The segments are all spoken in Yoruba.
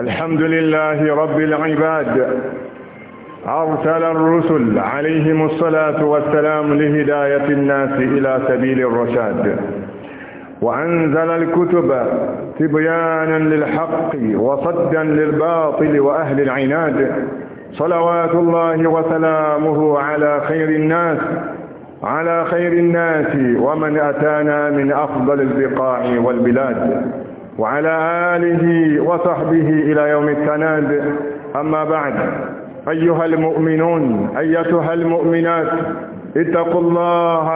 الحمد لله رب العباد أرسل الرسل عليهم الصلاة والسلام لهداية الناس إلى سبيل الرشاد وأنزل الكتب تبيانا للحق وصدا للباطل وأهل العناد صلوات الله وسلامه على خير الناس على خير الناس ومن أتانا من أفضل البقاع والبلاد وعلى آله وصحبه إلى يوم التناد أما بعد أيها المؤمنون أيتها المؤمنات اتقوا الله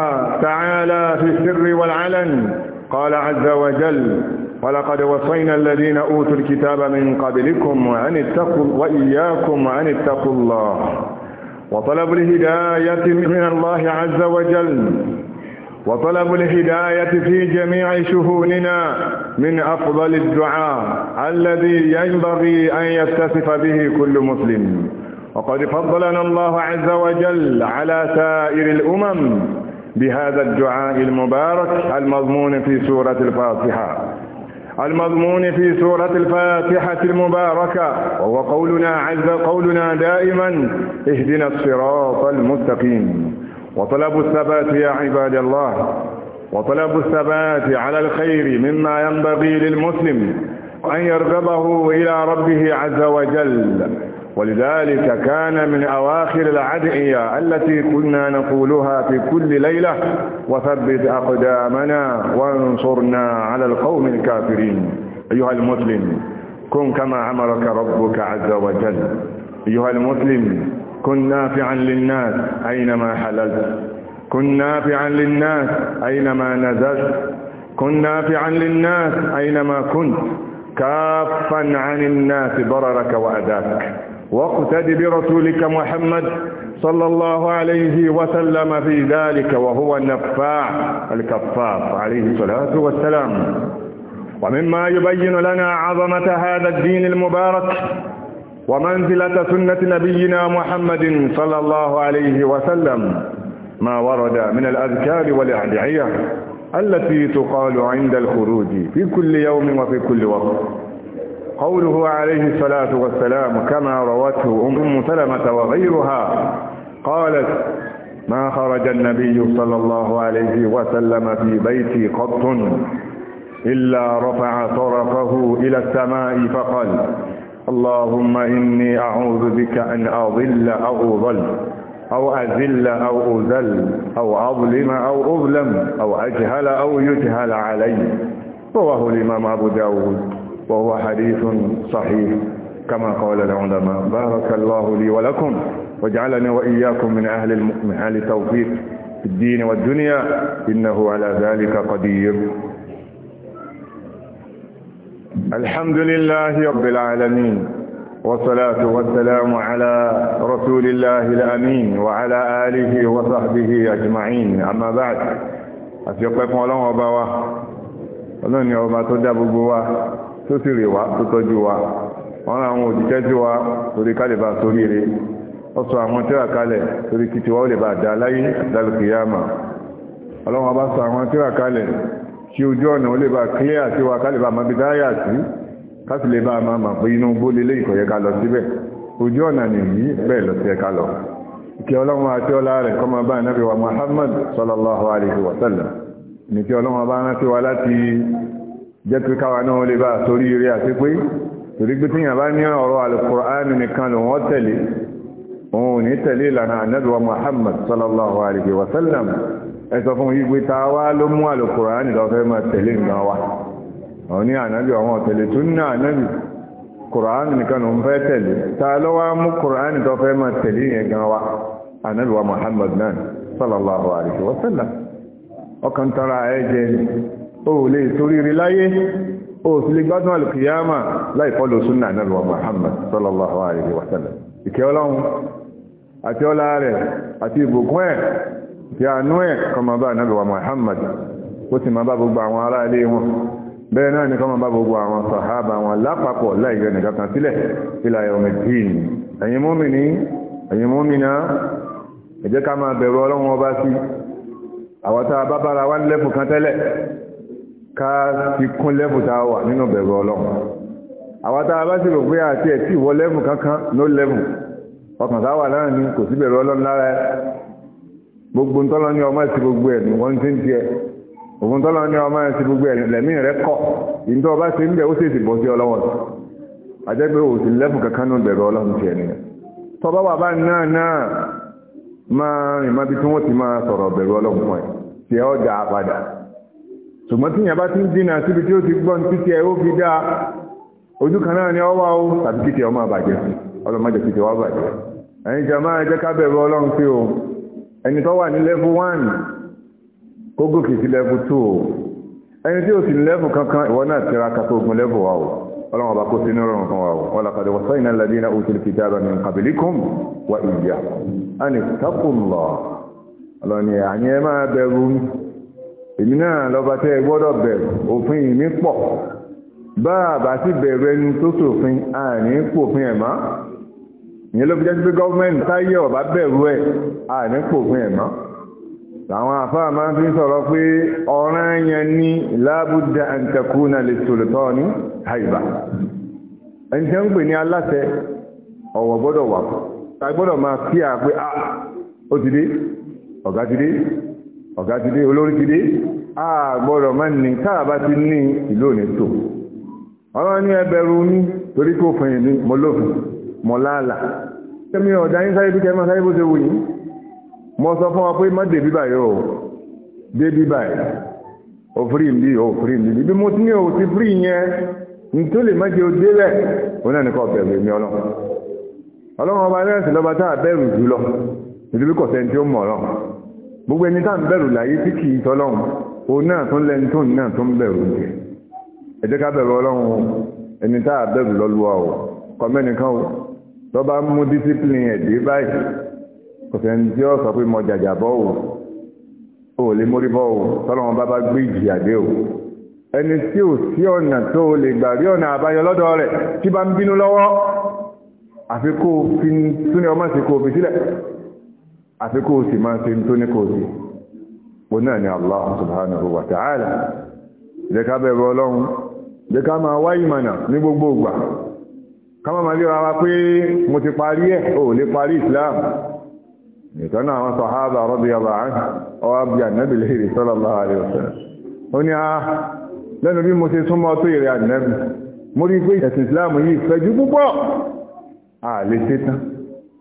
تعالى في السر والعلن قال عز وجل ولقد وصينا الذين أوتوا الكتاب من قبلكم وأن اتقوا وإياكم وأن اتقوا الله وطلب الهداية من الله عز وجل وطلب الهداية في جميع شؤوننا من أفضل الدعاء الذي ينبغي أن يتصف به كل مسلم وقد فضلنا الله عز وجل على سائر الأمم بهذا الدعاء المبارك المضمون في سورة الفاتحة المضمون في سورة الفاتحة المباركة وهو قولنا عز قولنا دائما اهدنا الصراط المستقيم وطلب الثبات يا عباد الله وطلب الثبات على الخير مما ينبغي للمسلم أن يرغبه إلى ربه عز وجل ولذلك كان من أواخر العدعية التي كنا نقولها في كل ليلة وثبت أقدامنا وانصرنا على القوم الكافرين أيها المسلم كن كما أمرك ربك عز وجل أيها المسلم كن نافعا للناس أينما حللت كن نافعا للناس أينما نزلت كن نافعا للناس أينما كنت كافا عن الناس ضررك وأذاك واقتد برسولك محمد صلى الله عليه وسلم في ذلك وهو النفاع الكفاف عليه الصلاة والسلام ومما يبين لنا عظمة هذا الدين المبارك ومنزلة سنة نبينا محمد صلى الله عليه وسلم ما ورد من الأذكار والأدعية التي تقال عند الخروج في كل يوم وفي كل وقت قوله عليه الصلاة والسلام كما روته أم سلمة وغيرها قالت ما خرج النبي صلى الله عليه وسلم في بيتي قط إلا رفع طرفه إلى السماء فقال اللهم إني أعوذ بك أن أضل أو أضل أو أذل أو أذل أو أظلم أو أظلم أو أجهل أو يجهل علي رواه الإمام أبو داود وهو حديث صحيح كما قال العلماء بارك الله لي ولكم واجعلني وإياكم من أهل, من أهل التوفيق في الدين والدنيا إنه على ذلك قدير الحمد لله رب العالمين والصلاة والسلام على رسول الله الأمين وعلى آله وصحبه أجمعين أما بعد أتيقكم الله وبوا ọlọ́run ni ọba tó dá gbogbo wa tó sì rè wá tó tọ́jú wa wọ́n rán àwọn òjíṣẹ́ tí wa torí kálẹ̀ bá sórí eré ó sọ àwọn tíra kalẹ̀ torí kìtìwá ó lè bá dá láyé àdálùkìyàmà ọlọ́run ọba sọ àwọn tíra kalẹ̀ kí ojú ọ̀nà ó lè bá clear sí wa ká lè bá máa bí dáyà sí ká sì lè bá máa mà pé inú gbó lélé ìkọ̀yẹ́ ká lọ síbẹ̀ ojú ọ̀nà nìyí bẹ́ẹ̀ lọ sí ẹ̀ka lọ kí ọlọ́run àti ọlá rẹ̀ kọ́ máa bá ànábì wa Muhammad sallallahu alaihi wa sallam kí ọlọ́run bá rántí wa láti jẹ́ pé káwa náà lè bá sórí rí àti pé torí pé tíyàn bá ní ọ̀rọ̀ al nìkan lòun ó tẹ̀lé òun ò ní tẹ̀lé ìlànà ànábì wa Muhammad sallallahu alaihi wa ẹ sọ fún wípé ta wá ló mú àlùkùránì lọ fẹ́ máa tẹ̀lé nǹkan wa ọ̀ ní ànábì àwọn ọ̀tẹ̀lẹ̀ tó ní ànábì kùránì nìkan ló ń fẹ́ tẹ̀lé ta ló wá mú kùránì tó fẹ́ máa tẹ̀lé yẹn gan wa ànábì wa Muhammad náà sallallahu alayhi wa sallam ọkàn tara ẹ jẹ o lè torí rí kí àánú ẹ̀ kọmọ bá ànábì wa Muhammad ó sì máa bá gbogbo àwọn ará ilé wọn bẹ́ẹ̀ náà ni kọmọ bá gbogbo àwọn sàhábà wọn lápapọ̀ láìyọ nìkankan sílẹ̀ ila yawmiddin ẹ̀yin mùmínì ẹ̀yin mùmínà ẹ jẹ́ ká máa bẹ̀rù ọlọ́run ọba sí àwọn tá a bá bára wá lẹ́fù kan tẹ́lẹ̀ ká fi kún lẹ́fù tá a gbogbo ntọ́lọ ní ọmọ ẹ̀sìn gbogbo ẹ̀ ní wọ́n ti ń tiẹ̀ gbogbo ntọ́lọ ọmọ ẹ̀sìn gbogbo ẹ̀ lẹ́mí rẹ kọ́ ìntọ́ ọba ṣe ń bẹ̀ ó sì ti bọ́ sí ọlọ́wọ́ àjẹ́gbé ò sì lẹ́fù kankan náà bẹ̀rẹ̀ ọlọ́run tiẹ̀ nìyẹn tọ́ba náà náà máa rìn tí wọ́n ti máa sọ̀rọ̀ ọlọ́run fún ẹ̀ tiẹ̀ ọjà padà ṣùgbọ́n tí ọ ẹni tó wà ní lẹ́fù 1 kó gòkè sí lẹ́fù 2 ẹni tí ó sì ní lẹ́fù kankan ìwọ náà tiraka tó gun lẹ́fù wa o ọlọ́wọ́n bá kó sínú rọrùn kan wa o wọ́n làkàdé wọ́n sọ́yìn náà lẹ́dí náà òtún kitaba min qablikum wa ìyá a ní taqullah ọlọ́ni àyẹ́ ẹ ló fi jẹ́ sí pé gọ́ọ̀mẹ́ntì táyé ọ̀bá bẹ̀rù ẹ̀ àìnípò fún ẹ̀mọ́ àwọn àfáà máa fi sọ̀rọ̀ pé ọ̀ràn yẹn ní lábúdá àǹtẹ̀kúnà lè sòlòtọ́ ní haìbá ẹni tẹ́ ń pè ní aláṣẹ ọ̀wọ̀ gbọ́dọ̀ wà ta gbọ́dọ̀ máa kí à pé a ah, ó ti dé ọ̀gá ti dé ọ̀gá ti dé olórí ti dé a ọ̀dá yín sáré bí kẹ́ sáré bó ṣe wù mo sọ fún wa pé má débi báyìí o débi báyìí o firi mi o firi mi bí mo ti ní o ti firi yẹn nítorí lè má jẹ o délẹ̀ o náà nìkan ọ̀bẹ̀ mi ọ̀nà ọlọ́run ọba ẹlẹ́sìn lọ́ba tá a bẹ̀rù jù lọ nítorí kò sẹ́ni tí ó mọ̀ ọ̀nà gbogbo ẹni tá à ń bẹ̀rù láyé tí kì í tọ́lọ́run o náà tó ń lẹni tó náà tó ń bẹ̀rù jẹ ẹ jẹ́ ká bẹ̀rù ọlọ́run ẹni tá a bẹ̀rù lọ́lúwa o kọ́mẹ́nìkan o lọ́ba mú discipline ẹ̀dí báyìí kòsẹ́ni tí ó sọ pé mo jàjà bọ́ o ò lè mórí bọ́ o tọ́lọ́wọ́n bá bá gbé ìjìyàdé o ẹni tí ò sí ọ̀nà tó o lè gbà rí ọ̀nà àbáyọ lọ́dọ̀ rẹ̀ tí bá ń bínú lọ́wọ́ àfi kó o fi túnẹ̀ ọmọ sí kó o fi sílẹ̀ àfi sì máa ṣe tó ní kó o o náà ni Allah subhanahu wa ta'ala jẹ́ ká bẹ̀rù ọlọ́run jẹ́ ká máa wá ìmọ̀nà ní gbogbo ìgbà ká máa máa lé wa pé mo ti parí ẹ̀ o lè parí Islam ìkan náà àwọn sàhábà radiyallahu anhu ọwá bí ànábì léèrè sallallahu alaihi wasallam ó ní a ah, lẹ́nu bí mo ṣe súnmọ́ tó ìrẹ̀ ànábì mo rí pé ẹ̀sìn islam yìí fẹ̀jú púpọ̀ à lè ṣe tán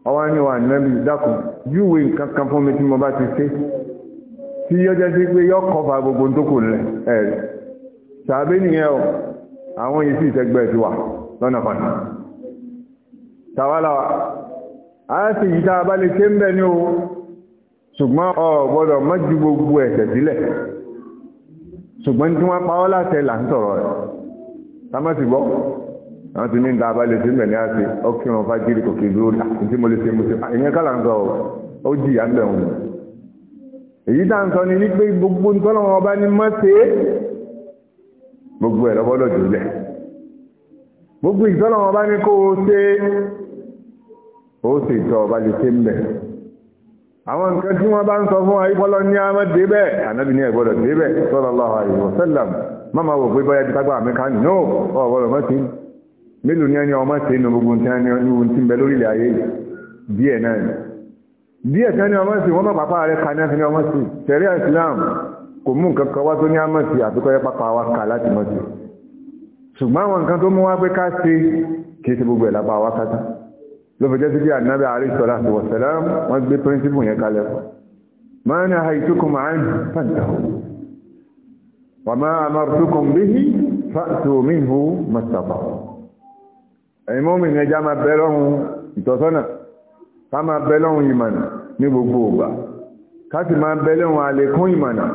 ọwá ní wa ànábì dákun júwe nǹkan kan fún mi wà lọ́nà kan tàwa a sì yí tá a bá lè ṣe ń bẹ ní o ṣùgbọ́n ọ gbọ́dọ̀ má ju gbogbo ẹ̀ṣẹ̀ sílẹ̀ ṣùgbọ́n tí wọ́n pa ọ́ láṣẹ là ń sọ̀rọ̀ rẹ̀ tá má sì gbọ́ àwọn ti ní ń ta a bá lè ṣe ń bẹ ní àṣẹ ọkì wọn fá jírí kòkè lórí àti tí mo lè ṣe mo ṣe ìyẹn kálà ń sọ ó jìyà ń bẹ̀ wọn. èyí tá à ń sọ ni wípé gbogbo ntọ́lọ́wọ́n ọba ní má ṣe é gbogbo ẹ̀ lọ́gbọ́dọ̀ ó sì tọ́ ọba lè ṣe ń bẹ̀ àwọn nǹkan tí wọ́n bá ń sọ fún ayípọ́lọ́ ní àmọ́ débẹ̀ ànábì ní ẹ̀gbọ́dọ̀ débẹ̀ sallallahu alaihi wasallam máma wò pé bọ́yá ti tágbà mẹ́ka ní ó ọ̀gbọ́dọ̀ mọ́ sí mélòó ní ẹni ọmọ sí inú gbogbo tí ẹni ohun tí ń bẹ lórílẹ̀ ayé díẹ̀ náà ni díẹ̀ tí ẹni ọmọ sí wọ́n máa pàpá rẹ̀ ka ní ẹni ọmọ sí tẹ̀rí Islam kò mú nǹkan kan wá tó ní àmọ́ sí pápá wa kà láti mọ́ ṣùgbọ́n àwọn nǹkan tó mú wá pé ká ṣe kì í gbogbo ẹ̀ lápá kátá ló fi jẹ́ sí kí ànábẹ́ alayhi salatu wa salam wọ́n gbé píríncípù yẹn kalẹ̀ fún ma nahaytukum anhu fantahu wa ma amartukum bihi fa'tu minhu mastata'tum ẹ̀yin mọ́mí ní ẹjá máa bẹ́ lọ́hun ìtọ́sọ́nà ká máa bẹ́ lọ́hun ìmọ̀nà ní gbogbo ògbà ká sì máa bẹ́ ìmọ̀nà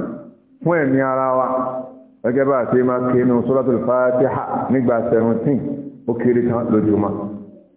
fún ẹ̀mí ara wa gẹ́gẹ́ bá àti máa kí inú suratul Fatiha nígbà 17 ó kéré tán lójúmọ́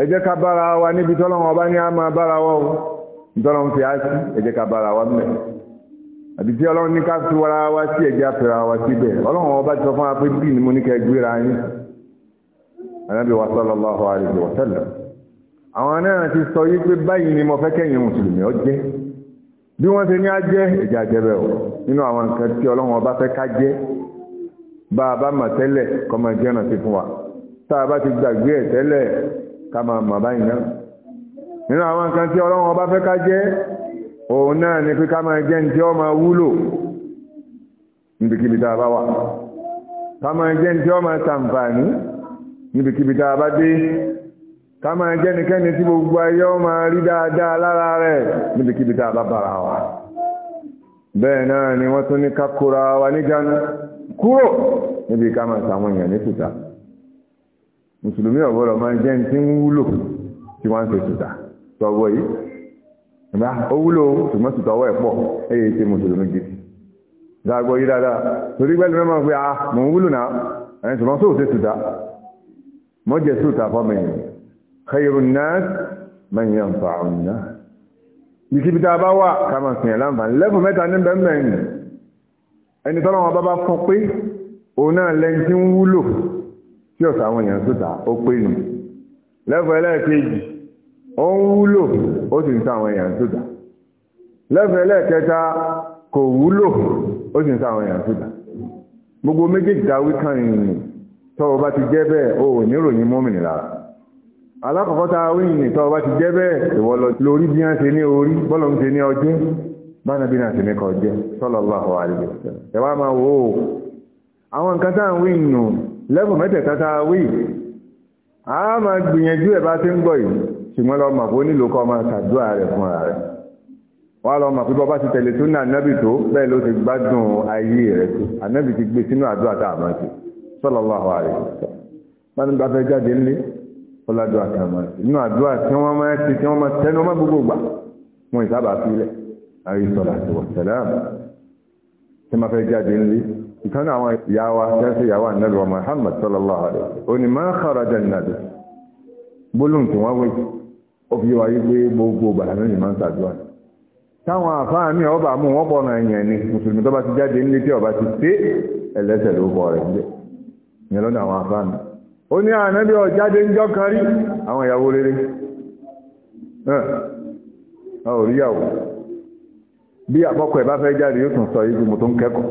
ẹ jẹ́ ká bára wa níbi tọ́lọ́wọ́ ọba ní a máa bára wa tọ́lọ́wọ́ fi á sí ẹ ká bára wa mẹ́ àbí tí ọlọ́run ní ká fi wara wa sí ẹ̀jẹ̀ àfẹ́ra wa síbẹ̀ ọlọ́run ọba ti sọ fún wa pé bí ni mo ní kẹ́ gbéra yín anábì wa sallallahu alaihi wa sallam àwọn náà ti sọ yí pé báyìí ni mo fẹ́ kẹ́yìn mùsùlùmí ọ jẹ́ bí wọ́n ṣe ní á jẹ́ ẹ̀jẹ̀ àjẹbẹ̀ o nínú àwọn nǹkan tí ọlọ́run ọba fẹ́ ká jẹ́ bá a bá mà tẹ́lẹ̀ kọ́mọ jẹ́ ọ̀nà sí fún wa tá a bá ti gbàgbé ẹ̀ tẹ́lẹ̀ Kama máa mọ̀ báyìí náà nínú àwọn nǹkan tí ọlọ́run ọba fẹ́ ká jẹ́ òun náà ni pé ká máa jẹ́ ní tí ó máa wúlò níbikíbi tá a bá wà ká máa jẹ́ ní tí ó máa ṣàǹfààní níbikíbi tá dé ká máa jẹ́ nìkẹ́ni tí gbogbo ayé ó máa rí dáadáa lára rẹ̀ níbikíbi tá a wa bẹ́ẹ̀ náà ni wọ́n tún ní ká kóra wa níjánu kúrò níbi ká máa ṣàwọn èèyàn ní mùsùlùmí ọ̀gbọ́dọ̀ máa jẹ́ tí ń wúlò tí wọ́n ń ṣe tùtà tọwọ́ yìí ìgbà ó wúlò ṣùgbọ́n tùtà ọwọ́ ẹ̀ pọ̀ ẹ̀yẹ ṣe mùsùlùmí gidi dáàgbọ́ yìí dáadáa torí pẹ́lú mẹ́mọ́ pé a ah, mò ń wúlò náà ẹ̀yìn ṣùgbọ́n ẹni tọ́lọ́wọ́n bá bá fọ́ pé òun náà lẹ́yìn tí ń wúlò tí ọ̀sà àwọn èèyàn tó tà ó pé nù lẹ́fọ̀ ẹlẹ́ẹ̀kejì ó ń wúlò ó sì ń ta àwọn èèyàn tó tà lẹ́fọ̀ ẹlẹ́ẹ̀kẹta kò wúlò ó sì ń ta àwọn èèyàn tó gbogbo méjèèjì ta wí kan ìrìn tọ́wọ́ bá ti jẹ́ bẹ́ẹ̀ o ò ní ròyìn mọ́mìnì lára alákọ̀ọ́kọ́ ta wí ìrìn tọ́wọ́ bá ti jẹ́ bẹ́ẹ̀ ìwọ lórí bí wọ́n ṣe ní orí bọ́lọ̀ ń ṣe ní ọjẹ́ bána bí náà ṣe ní kọjẹ́ sallallahu alaihi wasallam ẹ̀wá máa wò ó àwọn nǹkan tá à ń wí ìrìn lẹ́bùn mẹ́tẹ̀ẹ̀ta tá a wí a máa gbìyànjú ẹ̀ bá ti ń gbọ́ yìí ṣùgbọ́n lọ mọ̀ pé ó nílò kọ́ máa ṣàdúrà rẹ̀ fúnra rẹ̀ wọ́n lọ mọ̀ pé bọ́ bá ti tẹ̀lé tó ní ànábì tó bẹ́ẹ̀ ló ti gbádùn ayé rẹ̀ tó ànábì ti gbé sínú àdúrà tá a máa ṣe sallallahu alaihi wasallam bá ní bá fẹ́ jáde ńlé ọlọ́dúnrà tá a máa ṣe inú àdúrà tí wọ́n máa ṣe tí wọ́n máa tẹnu ìkan àwọn ìyáwa tẹ́sí ìyàwó ànẹ́lùwà Muhammad sallallahu alaihi o ni máa kàràjà ìnàdù gbólùn tí wọ́n wé ó fi wáyé pé gbogbo bàánú ni máa ń sàdúrà táwọn àfáà mi ọba mú wọn pọ̀ náà yẹn ni mùsùlùmí tó bá ti jáde nílé tí ọba ti té ẹlẹ́sẹ̀ ló bọ̀ rẹ̀ nílé ìyẹn lọ́nà ní àwọn ìyàwó bí àpọ́kọ̀ ẹ̀ fẹ́ jáde yóò tún sọ ibi tó ń kẹ́kọ̀ọ́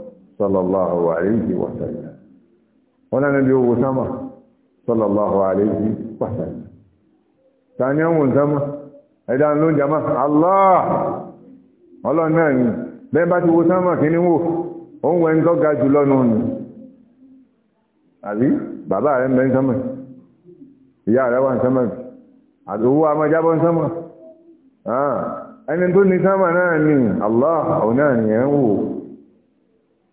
sallallahu alayhi wa sallam wọ́n náà níbi owó sámà sallallahu alayhi wa sallam ta ni ọmọ sámà ẹ̀dá ló ń jama allah ọlọ́run náà ni bẹ́ẹ̀ bá ti wo sámà kí ni wò ó ń wẹ́ ń tọ́ga jù lọ́nu ni àbí bàbá rẹ̀ ń bẹ ń ìyá rẹ̀ wà ń àti owó amájábọ̀ ń ẹni tó ní sámà náà ni allah òun ni ẹ̀ ń wò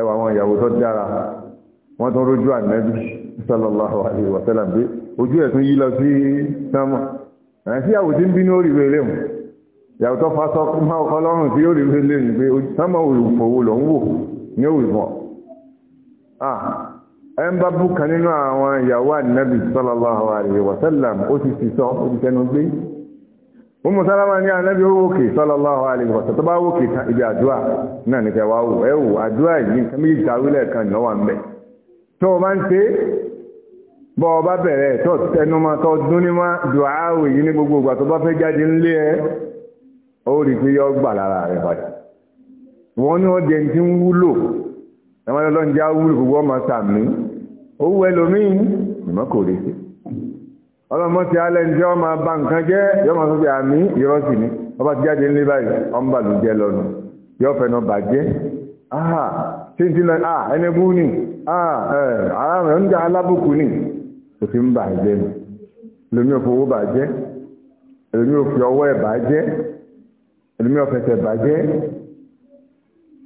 ẹwà àwọn ìyàwó tó dára wọ́n tó rójú ànẹ́bí sallallahu alaihi wa sallam pé ojú ẹ̀ tún yí lọ sí sánmà ẹ̀rẹ́ sí ìyàwó tí ń bínú orí rẹ̀ léhùn ìyàwó tó fasọ máa kọ́ lọ́rùn sí orí rẹ̀ léhùn pé sánmà òfòwò lọ ń wò ní òwìfọ̀ ẹ ń bá bú kan nínú àwọn ìyàwó ànẹ́bí sallallahu alaihi ó ti sì sọ ó ti tẹnu gbé Ummu Salama ní anábì ó òkè sallallahu alaihi wa tó bá wòkè tán ibi àdúrà náà ní kẹwàá wò ẹ wò àdúrà yìí nǹkan méjì kan ìnáwó ń bẹ̀ tó ọ bá bẹ̀rẹ̀ tó tẹnu dún ní yìí gbogbo ìgbà tó bá fẹ́ jáde ńlé ẹ ó rí i pé yọ gbà lára rẹ ní ọdẹ ti ń wúlò ẹwọn lọ́njẹ́ á ọlọ́mọ ti alẹ́ ní ọmọ bá nǹkan jẹ́ yọmọ tó fi àmì irọ́ sì ni ọba ti jáde nílé báyìí ọmọ bàlù jẹ lọ́nu yọ fẹ̀nà bàjẹ́ aha títí lọ ah ẹni bú ni ah ara rẹ̀ ń jà alábùkù ni kò fi ń bàjẹ́ ni lèmi ò fowó bàjẹ́ lèmi ò fi ọwọ́ ẹ̀ bàjẹ́ lèmi ò fẹsẹ̀ bàjẹ́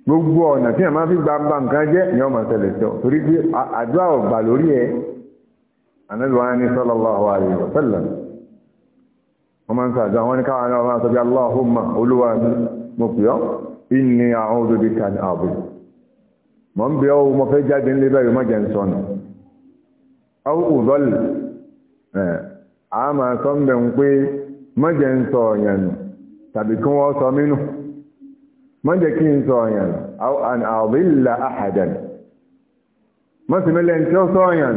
gbogbo ọ̀nà tí ẹ̀ máa fi gba nǹkan jẹ́ ni ọmọ tẹ̀lẹ̀ sọ torí pé àdúrà ọ̀gbà lórí ànẹ́lùwáni sallallahu alayhi wa sallam wọ́n máa ń sàjọ àwọn ní káwọn ọmọ àtọ́bí Allahumma olúwa mo pè ọ́ inni a'udhu bika ní àbò mọ́ ń bẹ ọ́ mo fẹ́ jáde nílé bẹ́ẹ̀ mọ́ jẹ́ ń sọnù ọ́ òzọ́lì ẹ̀ a máa sọ ń bẹ̀ pé mọ́ jẹ́ ń sọ ọ̀yàn tàbí kí wọ́n sọ mínú mọ́ jẹ́ kí n sọ ọ̀yàn àwọn àbílà àhàdàn mọ́ sì mílẹ̀ ń tí ó sọ ọ̀yàn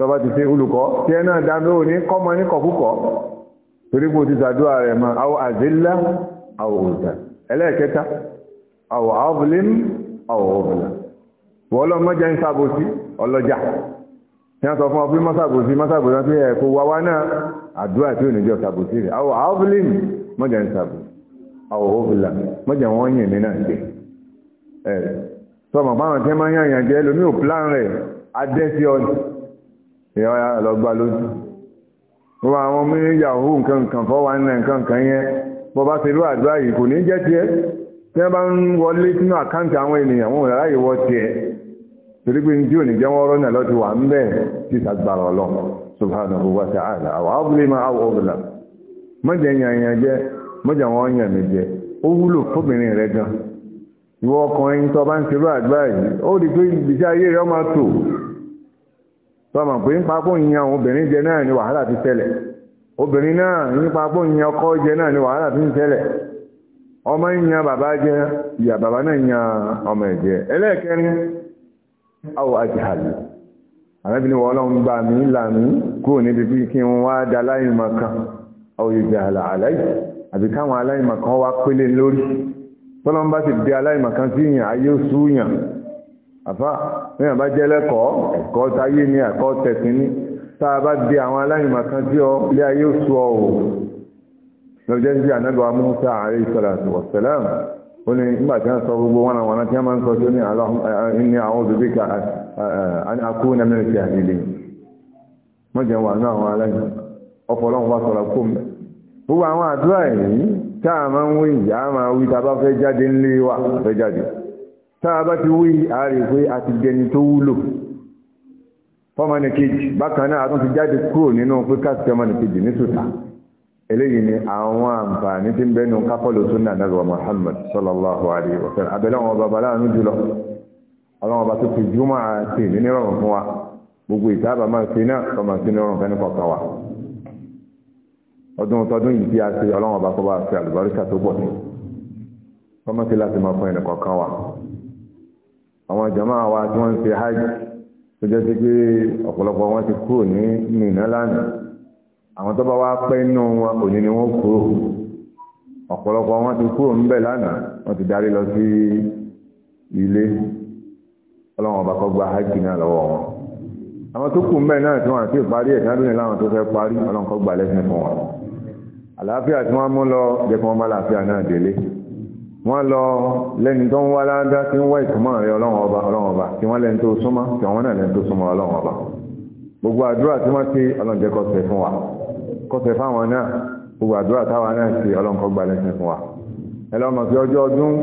tọba ti ṣe olùkọ́ tí ẹ náà dáná òní kọ́mọ ní kọ̀kúkọ̀ torí kò ti ṣàdúrà rẹ̀ mọ́ àwọ̀ àzílá àwọ̀ òòtà ẹlẹ́ẹ̀kẹta àwọ̀ àwọ̀bùlẹ́m àwọ̀ òbùlà wọ́n lọ mọ́jà ń sàbòsí ọlọ́jà tí wọ́n sọ fún ọ pé mọ́sàbòsí mọ́sàbòsí wọn pé ẹ̀ kó wá wá náà àdúrà tí ò ní jọ sàbòsí rẹ̀ adẹ́sí ọdún èèyàn ya lọ́gbà lójú wọ́n àwọn ọmọ yahoo nkankan fọ́wà ní nkankan yẹn bọ́ bá ṣe ló àdúrà yìí kò ní jẹ́ tiẹ̀ tí wọ́n bá ń wọlé sínú àkáǹtì àwọn ènìyàn wọn yàrá yìí wọ́ tiẹ̀ torí pé ní jẹ́ wọ́n rọ́nà lọ́ti wà ń bẹ́ẹ̀ tí sàgbàrà ọlọ́ subhanahu wa ta'ala tọ́mọ̀ pé ń papọ̀ ìyàn obìnrin jẹ náà ni wàhálà ti tẹ́lẹ̀ obìnrin náà ń papọ̀ ìyàn ọkọ jẹ náà ni wàhálà ti ń tẹ́lẹ̀ ọmọ ìyàn bàbá jẹ ìyà bàbá náà ìyàn ọmọ ẹ̀jẹ̀ ẹlẹ́ẹ̀kẹrin àwọ̀ àjàlù àrẹ́bìnrin wọ́n lọ́n bá mi là mí kúrò níbi bí kí n wá da aláìmọ̀ kan àwọ̀ ìjàlà àláì àbí káwọn àfá níyàn bá jẹ́ lẹ́kọ̀ọ́ ẹ̀kọ́ táyé ní ẹ̀kọ́ tẹ̀sìn ní táa bá di àwọn aláìmọ̀ kan tí ọ lé ayé sọ ò lọ́jọ́ sí ànágbà Musa alayhi salatu wassalam ó ní nígbà tí wọ́n sọ gbogbo wọn àwọn tí wọ́n máa ń sọ tí ó ní ní àwọn òbí ká akú ní amẹ́rin sí àdìlẹ̀ wọ́n jẹ́ wà ní àwọn aláìmọ̀ ọ̀pọ̀lọ́run wá sọ̀rọ̀ kó mẹ́ gbogbo àwọn àdúrà yìí táà máa ń wí ìyá máa wí tá a bá fẹ́ jáde ńlé wa fẹ́ jáde táa bá ti wí ààrẹ pé a ti jẹni tó wúlò fọ́mọ̀nì kejì bákan náà a tún ti jáde kúrò nínú pé káàtì ọmọnì kejì ní sùtà eléyìí ni àwọn àǹfààní tí ń bẹ́nu kápọ́lù Muhammad sallallahu alayhi wa sallam abẹ́lẹ́ àwọn bàbá láàánú jùlọ àwọn bàbá tó fi júmọ́ àti ìlú nírọ̀rùn fún wa gbogbo ìtaàbà máa ṣe náà ọmọ sí nírọ̀rùn fẹ́ nípa kan wa ọdún tọdún yìí tí a ṣe ọlọ́wọ́n bá kọ́ bá ṣe àlùbáríkà tó pọ̀ sí ọmọ láti máa fún ẹnì kọ̀ọ̀kan àwọn jama wa tí wọ́n ń ṣe hajj tó jẹ́ sí pé ọ̀pọ̀lọpọ̀ wọn ti kúrò ní Mínà lánàá àwọn tó bá wá pẹ́ inú wọn òní ni wọ́n kúrò ọ̀pọ̀lọpọ̀ wọn ti kúrò ń bẹ̀ lánàá wọ́n ti darí lọ sí ilé ọlọ́wọ́n ọba kọ́ gba hajj náà lọ́wọ́ wọn àwọn tó kù ń bẹ̀ náà tí wọ́n àti ìparí ẹ̀ka lónìí láwọn tó fẹ́ parí ọlọ́wọ́n kọ́ gba lẹ́sìn fún wọn àlàáfíà tí wọ́n mú lọ jẹ́ kí wọ́n má láàfíà náà délé wọ́n lọ lẹ́ni tó ń wá ládá tí ń wá ìtúmọ̀ rẹ̀ ọlọ́run ọba ọlọ́run ọba tí wọ́n lẹ́ni tó súnmọ́ tí wọ́n náà lẹ́ni tó súnmọ́ ọlọ́run ọba gbogbo àdúrà tí wọ́n ti ọlọ́run jẹ́ kọ́sẹ̀ fún wa kọ́sẹ̀ fáwọn náà gbogbo àdúrà táwa náà ti ọlọ́run kọ́ lẹ́sìn fún wa ẹ lọ́ mọ̀ pé ọjọ́ ọdún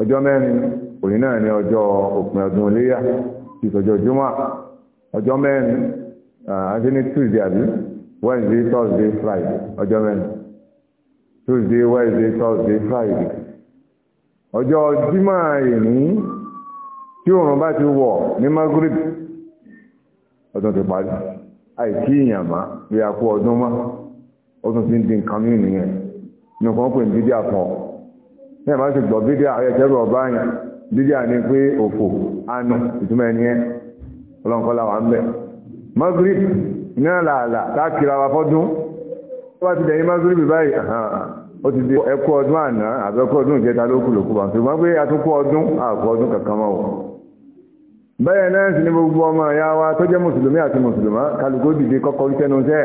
ọjọ́ mẹ́rin òní náà ni ọjọ́ òpin ọdún iléyà ti tọjọ́ júmọ́ ọjọ́ mẹ́rin àti ní tuesday àbí wednesday thursday friday ọjọ́ mẹ́rin tuesday wednesday thursday friday ọjọ́ jímọ̀ ìní tí òòrùn bá ti wọ̀ ní Maghrib ọdún ti parí àìkí ìyàmá a kú ọdún mọ́ ó ti ń di nǹkan mí nìyẹn nǹkan pè ní bídíà pọ̀ ní ẹ̀bá ti gbọ́ ọba pé òfò ìtumọ̀ ẹni ọlọ́nkọ́lá wà ń bẹ̀ tó bá ti dẹ̀yìn báyìí ó ti di ẹkú ọdún àná àbẹ́ ẹkú ọdún ìjẹta lókù lókù bá ṣùgbọ́n pé a tún kú ọdún àkọ ọdún kankan mọ́ wọn bẹ́ẹ̀ náà sì ni gbogbo ọmọ ìyá wa tó jẹ́ mùsùlùmí àti mùsùlùmá kálukó dìde kọ́kọ́ ń tẹnu sẹ́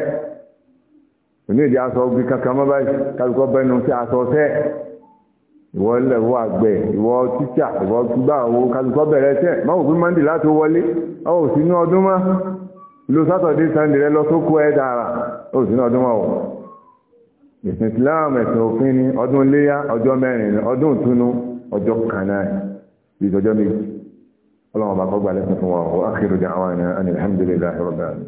òní ìdí aṣọ ogun kankan mọ́ báyìí kálukó bẹnu sí aṣọ sẹ́ ìwọ ilẹ̀ ìwọ àgbẹ̀ ìwọ tíṣà ìwọ gbà owó kálukó bẹ̀rẹ̀ sẹ́ má wò pé mọ́ndì láti wọlé ọ ò sínú ọdún mọ́ lo sátọ̀dé sànńdì rẹ lọ sóko ẹ̀ dára ó sínú ọdún mọ́ ọ̀ ìsìn islam ẹ̀sìn òfin ni ọdún léyá ọjọ́ mẹ́rin ni ọdún ìtúnú ọjọ́ kanáà ìjọjọ́ méjì ọlọ́run bá kọ́ gbà lẹ́sìn fún wa wa akhiru da'wana anil hamdulillahi rabbil alamin